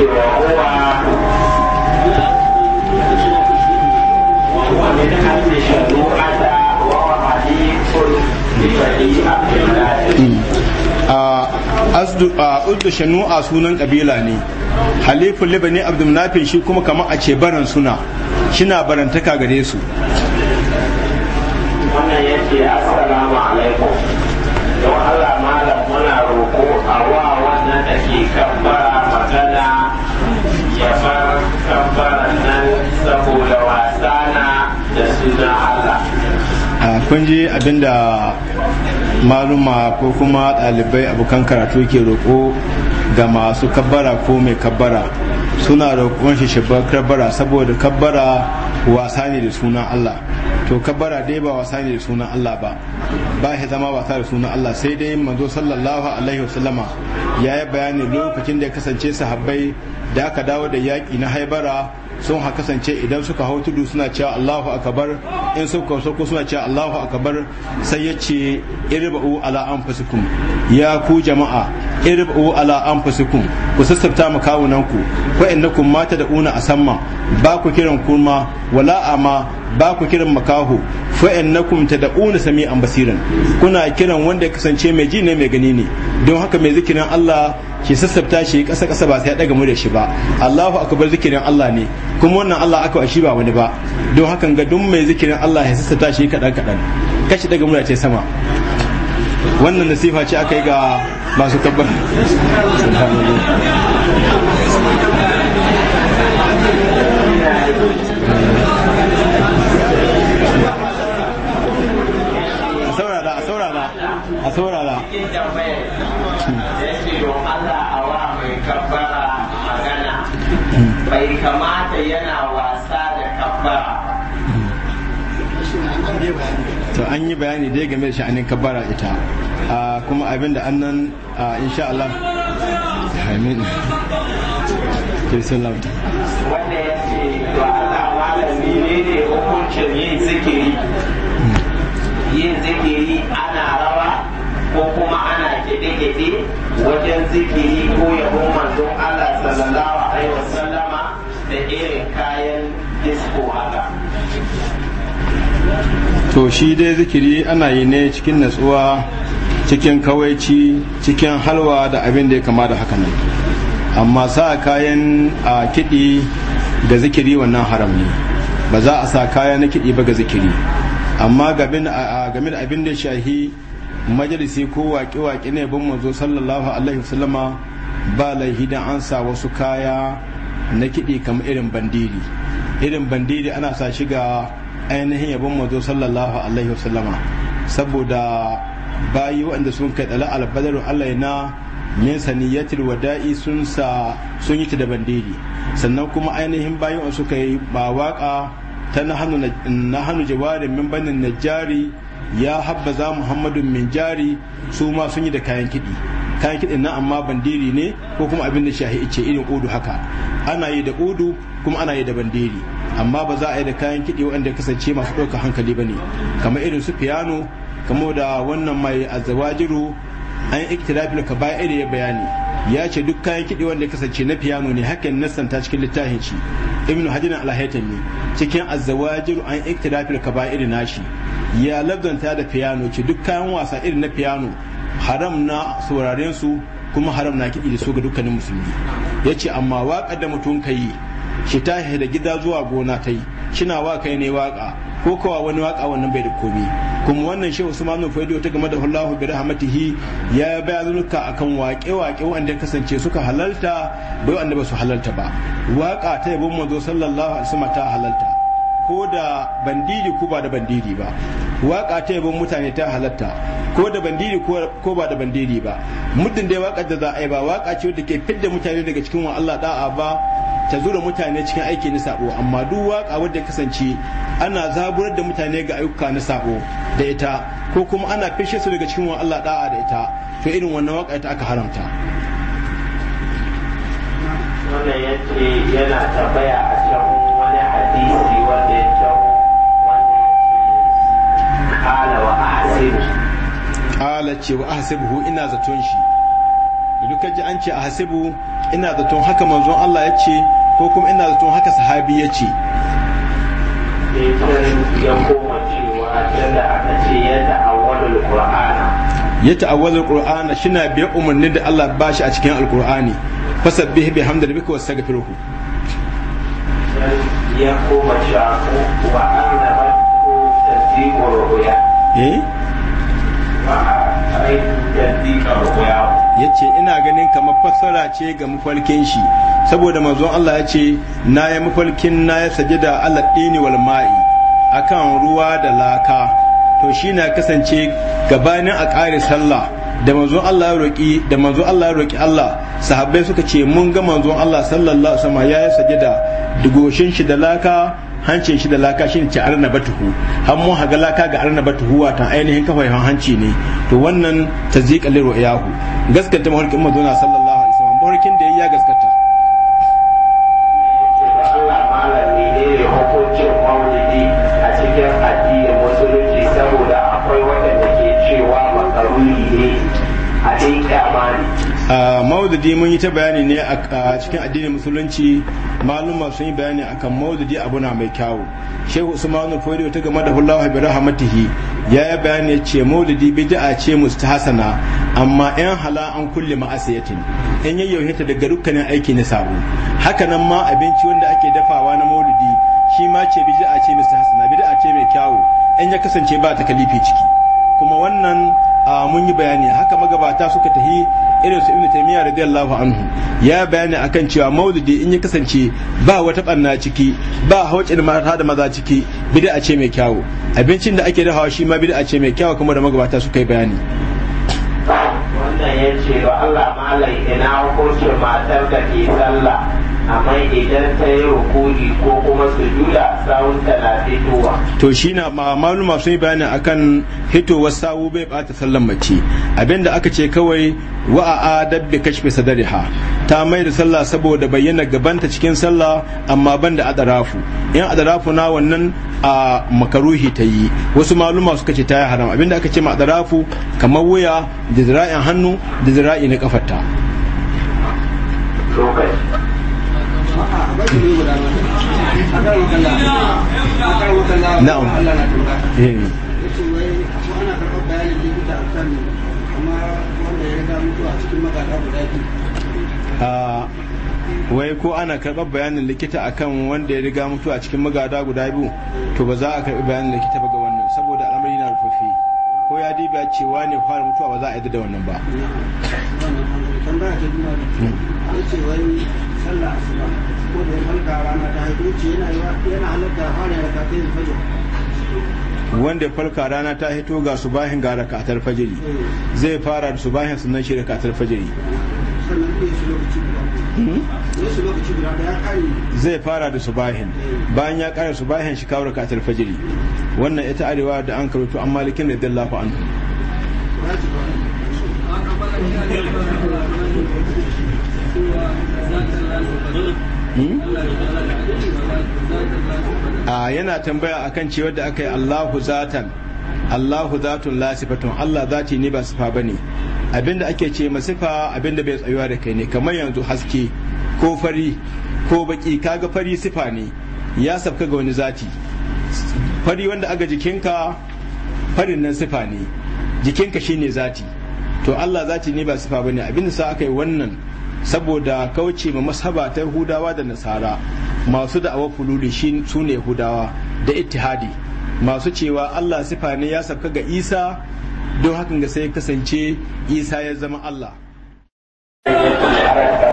ce wa kowa wanda ta hannu shi da wa hadisul bifadi abdullahi uddu a sunan kabila ne halifin libani abdulnafin shi kuma kama a ce baran suna shina barantaka gare su wannan yake assalamu alaikum don allah kun ji abinda maluma ko kuma ɗalibai abokan karatu ke roƙo ga masu kabbara ko mai kabbara suna roƙon shi shi kabbara saboda kabbara wasa ne da sunan Allah to kabbara dai ba wasa ne da sunan Allah ba ba shi zama wasa da sunan Allah sai dai manzo sallallahu alaihi wasallama ya yi bayani lokacin da ya kasance sahabbai da aka dawo da yaƙi na haibara sun ha kasance idan suka hau tudu suna cewa Allahu akbar in suka sauko suna cewa Allahu akbar sai ya ce irba'u ala anfusikum ya ku jama'a irba'u ala anfusikum ku sassafta makawunan ku ko innakum mata da una asamma ba ku kiran kurma wala ama ba ku kiran makaho fa innakum tad'una sami'an basiran kuna kiran wanda ya kasance mai ji ne mai gani ne don haka mai zikirin Allah ki sassafta shi kasa kasa ba sai ya daga da shi ba Allahu akbar zikirin Allah ne kuma wannan Allah aka shi ba wani ba don hakan ga duk mai zikirin Allah ya sassafta shi kaɗan kaɗan kashi daga da ce sama wannan nasifa ce aka yi ga masu tabbar bai kamata yana wasa da kabbara to an yi bayani dai game da sha'anin kabbara ita ah, kuma abin da annan ah, insha Allah amin wanda ya ce to Allah malami ne ne hukuncin yin zikiri yin zikiri ana rawa ko kuma ana kide-kide wajen zikiri ko yabon manzon Allah sallallahu alaihi wasallama da irin kayan disko haka to shi dai zikiri ana yi ne cikin natsuwa cikin kawaici cikin halwa da abin da ya kama da haka nan amma sa kayan a kiɗi ga zikiri wannan haram ne ba za a sa kaya na kiɗi ba ga zikiri amma game da abin da shahi majalisi ko waƙe-waƙe ne bin manzo sallallahu alaihi wasallama ba laihi dan an sa wasu kaya na kiɗi kamar irin bandiri irin bandiri ana sa shiga ainihin yabon mazo sallallahu alaihi wasallama saboda bayi waɗanda sun kai ɗala albadarin alaina na min sani wada'i sun sa sun yi da bandiri sannan kuma ainihin bayi waɗanda suka yi ba waƙa ta na hannu jawarin min banin najjari ya za muhammadu min jari su ma sun yi da kayan kiɗi kayan kiɗin nan amma bandiri ne ko kuma abin da shahi ce irin odu haka ana yi da odu kuma ana yi da bandiri amma ba za a yi da kayan kiɗi waɗanda kasance masu ɗauka hankali ba ne kamar irin su piano kamar da wannan mai azawajiru an iktirafin ka baya ya bayani ya ce duk kayan kiɗi wanda ya kasance na fiyano ne hakan ta cikin littafin shi ibn hajjin alhaitami cikin azzawajir an iktirafin ka baya iri nashi ya labdanta da fiyano ce duk kayan wasa irin na fiyano haram na sauraren su kuma haram na kiɗi da su ga dukkanin musulmi ya ce amma waƙar da mutum ka yi shi ta da gida zuwa gona ta yi shina wa kai ne waƙa ko kawa wani waƙa wannan bai da komi kuma wannan shehu usmanu faido ta game da hullahu bi rahmatihi ya baya zunuka akan waƙe waƙe wanda kasance suka halalta bai wanda ba su halalta ba waƙa ta yabon manzo sallallahu alaihi wasallam ta halalta ko da bandidi ko ba da bandidi ba waka ta yabon mutane ta halatta ko da bandiri ko ba da bandiri ba muddin dai waka da za a yi ba waka ce wadda ke fidda mutane daga cikin wa Allah da'a ba ta zura mutane cikin aiki na sabo amma duk waka wadda kasance ana zaburar da mutane ga ayyuka na sabo da ita ko kuma ana fishe su daga cikin wa Allah da'a da ita to irin wannan waka ita aka haramta wannan yace yana tambaya a cikin wani hadisi wanda kala wa ce wa ahsibuhu ina zaton shi da duka ji an ce ahasibu ina zaton haka manzon Allah ya ce ko kuma ina zaton haka sahabi ya ce ya koma cewa da aka ce yadda shina biya umarni da Allah ba shi a cikin alqur'ani fasabbih bi hamdi rabbika wastaghfiruhu ya koma shi a ya eh? ce ina ganin kamar fassara ce ga mafalkin shi saboda manzon Allah ya ce na ya mafalkin na ya saje da ɗini wal ma'i akan ruwa da laka to shi na kasance gabanin a ƙari sallah da manzon Allah ya roƙi da mazo Allah ya roƙi Allah sahabbai suka ce mun ga manzon Allah sallallahu alaihi wasallam ya saje da dugoshin shi da laka hancin shi da laka shi ce batuhu har mu haga laka ga arna batuhu wata ainihin yawan hanci ne to wannan tazdiqal ru'yahu gaskata mahorkin mazuna sallallahu alaihi wasallam mahorkin da ya gaskata maududi mun yi ta bayani ne a cikin addinin musulunci maluma sun yi bayani akan maududi abu na mai kyawu shehu usmanu fori ta game da hulawa bi rahmatihi ya yi bayani ce maududi bid'a ce hasana amma yan hala an kulle ma'asiyatin in yau ta daga dukkanin aiki na sabo haka nan ma abinci wanda ake dafawa na mauludi shi ma ce bid'a ce mustahsana bid'a ce mai kyawu in ya kasance ba ta kalifi ciki kuma wannan mun yi bayani haka magabata suka tahi irin su ibn taymiya radiyallahu anhu ya bayani akan cewa maulidi in ya kasance ba wata banna ciki ba hawacin mata da maza ciki bid'a ce mai kyawu abincin da ake dahawa shi ma bid'a ce mai kyawu kamar da magabata suka yi bayani wannan wa Allah ina hukuncin matar da ke sallah amma idan ta yi rukuni ko kuma sujuda sawun talafi na to shi na maluma sun yi bayani akan hitowar sawu bai bata sallan mace abinda aka ce kawai wa'a a dabbe bi sadariha ta mai da sallah saboda bayyana gabanta cikin sallah amma ban da adarafu in adarafu na wannan a makaruhi ta yi wasu maluma suka ce ta yi haram abinda aka ce ma adarafu kamar wuya da zira'in hannu da zira'i na kafarta Eh. wai ko ana karɓar bayanin likita akan wanda ya riga mutu a cikin magada guda biyu to ba za a karɓi bayanin likita ba ga wannan saboda al'amari na rufaffe ko ya dibiya cewa ne fara mutuwa ba za a yadda da wannan ba ta sallah asuba ko da ya falka rana ta haihu ce yana halatta wanda ya falka rana ta hito ga subahin ga rakatar fajiri zai fara da subahin sunan shi rakatar fajiri zai fara da subahin bayan ya kara subahin shi kawo rakatar fajiri wannan ita arewa da an karuto an malikin da ku an Hmm? a yana tambaya a kan cewar da aka yi Allahu zatan Allahu zatun la sifatun Allah zati ne ba sifa bane abinda ake ce masifa abinda bai tsayuwa da kai ne kamar yanzu haske ko fari ko baki kaga fari sifa ne ya sabka ga wani zati fari wanda aga jikinka farin nan sifa ne jikinka shine zati to Allah zati ne ba sifa bane abinda sa aka yi wannan saboda kauce ma mashaba hudawa da nasara masu da'awa fululi shi su hudawa da ittihadi masu cewa Allah sifa ya sauka ga Isa don hakan ga sai kasance Isa ya zama Allah